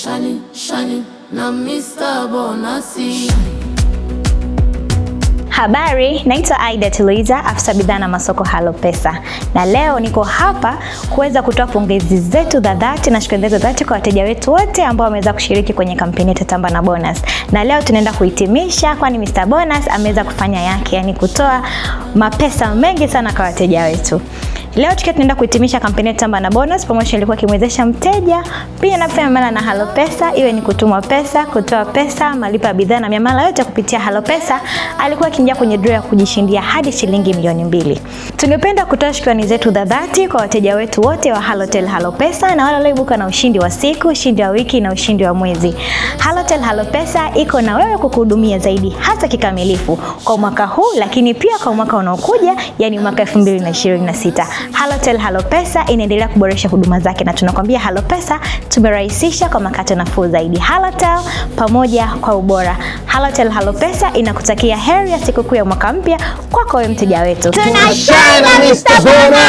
Shani, Shani na Mr. Bonasi. Habari, naitwa Aida Tuliza, afisa bidhaa na masoko Halo Pesa, na leo niko hapa kuweza kutoa pongezi zetu za dhati na shukrani za dhati kwa wateja wetu wote ambao wameweza kushiriki kwenye kampeni Tatamba na Bonus, na leo tunaenda kuhitimisha, kwani Mr. Bonus ameweza kufanya yake, yani kutoa mapesa mengi sana kwa wateja wetu. Leo tukiwa tunaenda kuhitimisha kampeni ya Tamba na Bonus promotion, ilikuwa kimwezesha mteja pia na kufanya miamala na Halo Pesa, iwe ni kutuma pesa, kutoa pesa, malipo ya bidhaa na miamala yote kupitia Halo Pesa. Alikuwa akiingia kwenye draw ya kujishindia hadi shilingi milioni mbili. Tungependa kutoa shukrani zetu za dhati kwa wateja wetu wote wa Halotel Halo Pesa na wale walioibuka na ushindi wa siku, ushindi wa wiki na ushindi wa mwezi. Halotel Halo Pesa iko na wewe kukuhudumia zaidi hasa kikamilifu kwa mwaka huu, lakini pia kwa mwaka unaokuja, yani mwaka 2026. Halotel HaloPesa inaendelea kuboresha huduma zake na tunakwambia HaloPesa tumerahisisha kwa makato nafuu zaidi. Halotel pamoja kwa ubora. Halotel HaloPesa inakutakia heri ya sikukuu ya mwaka mpya kwako wewe mteja wetu. Tunashine Mr. Bona.